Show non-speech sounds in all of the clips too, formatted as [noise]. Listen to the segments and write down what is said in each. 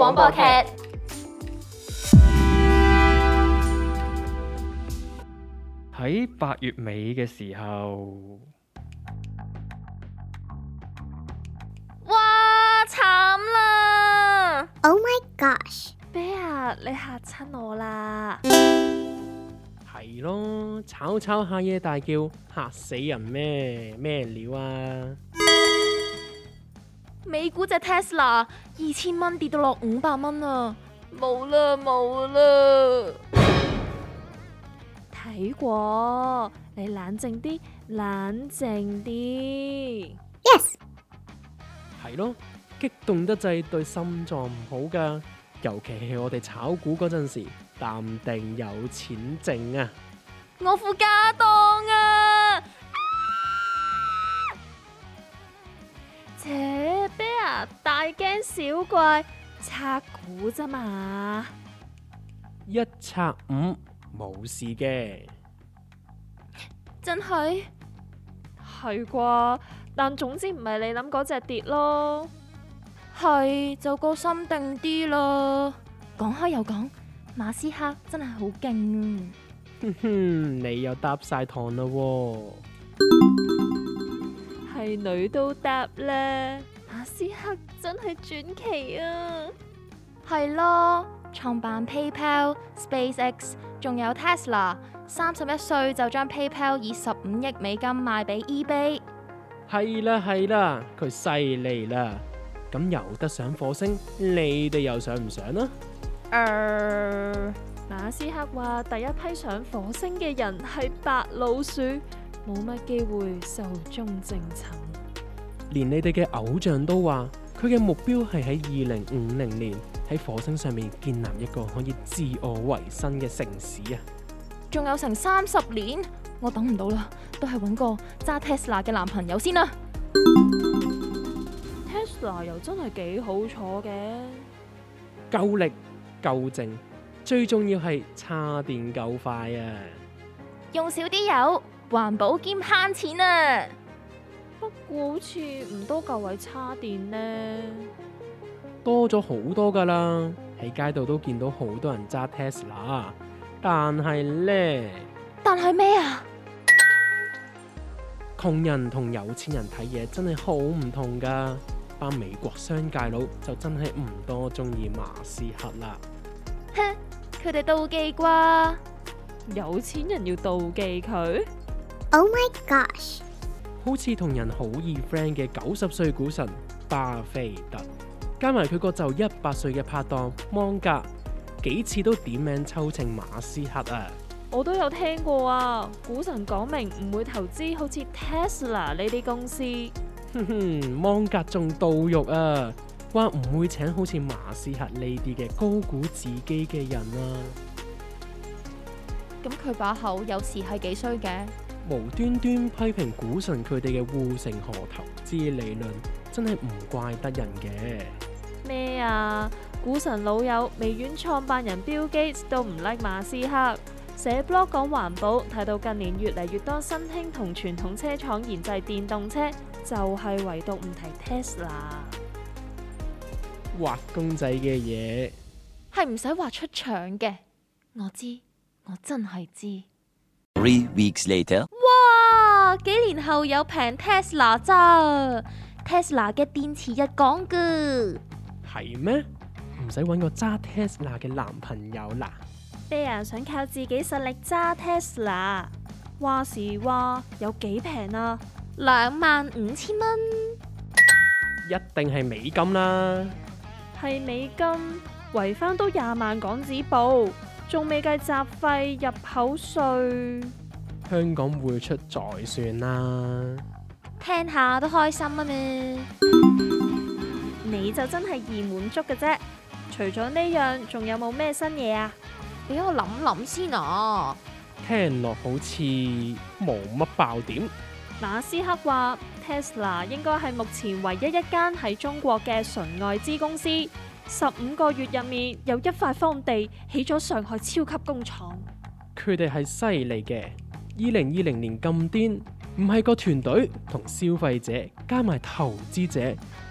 廣播劇喺八月尾嘅時候， [noise] 哇慘啦！Oh my gosh，啤牙、， [noise] 啊、你嚇親我啦！係 [noise] [noise] 咯，炒炒下嘢大叫，嚇死人咩？咩料啊？美股隻 Tesla 二千蚊跌到落五百蚊啊，冇啦冇啦！睇 [noise] 過，你冷靜啲，冷靜啲。Yes，係咯，激動得滯對心臟唔好噶，尤其係我哋炒股嗰陣時，淡定有錢剩啊！我副家當啊！大驚小怪，拆股咋嘛，一拆五冇、嗯、事嘅，真係係啩？但總之唔係你諗嗰隻跌咯，係就個心定啲啦。講開又講，馬斯克真係好勁，哼哼，你又搭晒糖啦，係女都答咧。馬斯克真係傳奇啊！係咯，創辦 PayPal、SpaceX，仲有 Tesla，三十一歲就將 PayPal 以十五億美金賣俾 eBay。係啦係啦，佢犀利啦。咁由得上火星，你哋又上唔上啊？誒、呃，馬斯克話第一批上火星嘅人係白老鼠，冇乜機會壽終正寢。連你哋嘅偶像都話，佢嘅目標係喺二零五零年喺火星上面建立一個可以自我維生嘅城市啊！仲有成三十年，我等唔到啦，都係揾個揸 Tesla 嘅男朋友先啦！Tesla 又真係幾好坐嘅，夠力夠靜，最重要係叉電夠快啊！用少啲油，環保兼慳錢啊！不過好似唔多夠位叉電呢？多咗好多噶啦，喺街度都見到好多人揸 Tesla，但係咧，但係咩啊？窮人同有錢人睇嘢真係好唔同噶，班美國商界佬就真係唔多中意馬斯克啦。哼，佢哋妒忌啩？有錢人要妒忌佢？Oh my gosh！好似同人好易 friend 嘅九十歲股神巴菲特，加埋佢個就一百歲嘅拍檔芒格，幾次都點名抽秤馬斯克啊！我都有聽過啊，股神講明唔會投資好似 Tesla 呢啲公司。哼哼，芒格仲到肉啊，話唔會請好似馬斯克呢啲嘅高估自己嘅人啊。咁佢把口有時係幾衰嘅。無端端批評股神佢哋嘅護城河投資理論，真係唔怪得人嘅。咩啊？股神老友微軟創辦人 Bill Gates 都唔 like 馬斯克，寫 blog 講環保，睇到近年越嚟越多新興同傳統車廠研製電動車，就係唯獨唔提 Tesla。畫公仔嘅嘢係唔使畫出腸嘅，我知，我真係知。Three weeks later. 幾年後有平、啊、Tesla 咋 Tesla 嘅電池日講噶，係咩？唔使搵個揸 Tesla 嘅男朋友啦，啤牙、啊、想靠自己實力揸 Tesla，話時話有幾平啊？兩萬五千蚊，一定係美金啦，係美金，維翻都廿萬港紙，部仲未計雜費、入口稅。香港會出再算啦，聽下都開心啊嘛。你就真係易滿足嘅啫。除咗呢樣，仲有冇咩新嘢啊？俾、欸、我諗諗先啊。聽落好似冇乜爆點。馬斯克話：Tesla 應該係目前唯一一間喺中國嘅純外資公司。十五個月入面，有一塊荒地起咗上海超級工廠。佢哋係犀利嘅。二零二零年咁癲，唔係個團隊同消費者加埋投資者，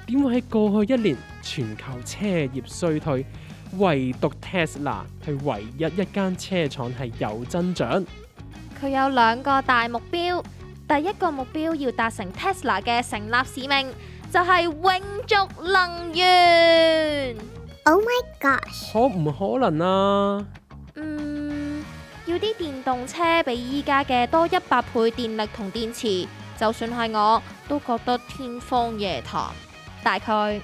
點會喺過去一年全球車業衰退，唯獨 Tesla 係唯一一間車廠係有增長？佢有兩個大目標，第一個目標要達成 Tesla 嘅成立使命，就係永續能源。Oh my god！可唔可能啊？要啲電動車比依家嘅多一百倍電力同電池，就算係我都覺得天方夜譚。大概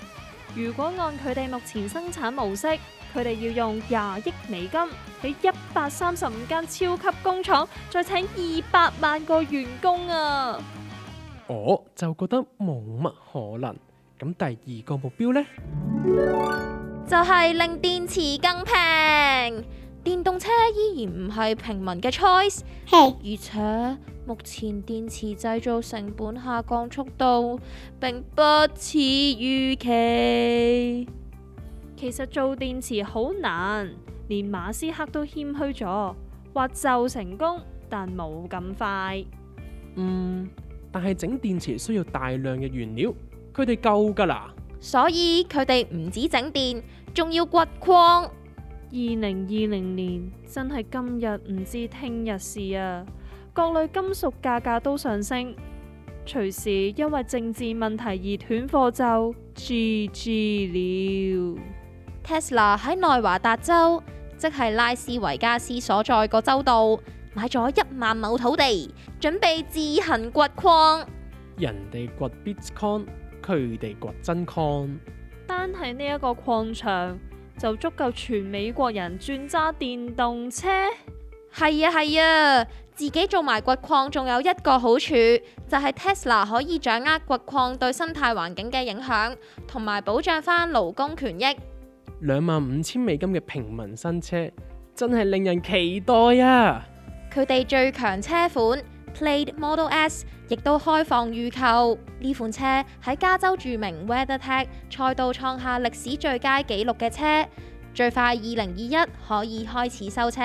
如果按佢哋目前生產模式，佢哋要用廿億美金喺一百三十五間超級工廠再請二百萬個員工啊！我就覺得冇乜可能。咁第二個目標呢，就係令電池更平。電動車依然唔係平民嘅 choice， [laughs] 而且目前電池製造成本下降速度並不似預期。其實做電池好難，連馬斯克都謙虛咗，話就成功，但冇咁快。嗯，但係整電池需要大量嘅原料，佢哋夠㗎喇。所以佢哋唔止整電，仲要掘礦。二零二零年真係今日唔知聽日事啊！各類金屬價格都上升，隨時因為政治問題而斷貨就 GG 了。Tesla 喺內華達州，即係拉斯維加斯所在個州度，買咗一萬畝土地，準備自行掘礦。人哋掘 Bitcoin，佢哋掘真礦。單係呢一個礦場，就足夠全美國人轉揸電動車？係啊，係啊，自己做埋掘礦，仲有一個好處，就係、是、Tesla 可以掌握掘礦對生態環境嘅影響，同埋保障翻勞工權益。兩萬五千美金嘅平民新車，真係令人期待啊！佢哋最強車款，Plaid Model S 亦都開放預購，呢款車喺加州著名 WeatherTech 賽道創下歷史最佳紀錄嘅車，最快二零二一可以開始收車。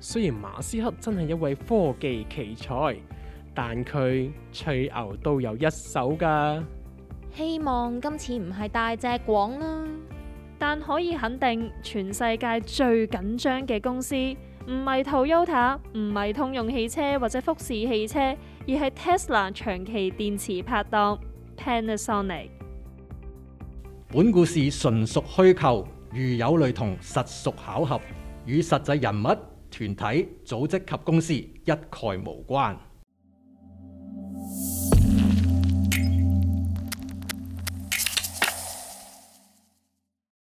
雖然馬斯克真係一位科技奇才，但佢吹牛都有一手㗎。希望今次唔係大隻廣啦，但可以肯定，全世界最緊張嘅公司。唔係 Toyota，唔係通用汽車或者福士汽車，而係 Tesla 長期電池拍檔 Panasonic。Pan 本故事純屬虛構，如有雷同，實屬巧合，與實際人物、團體、組織及公司一概無關。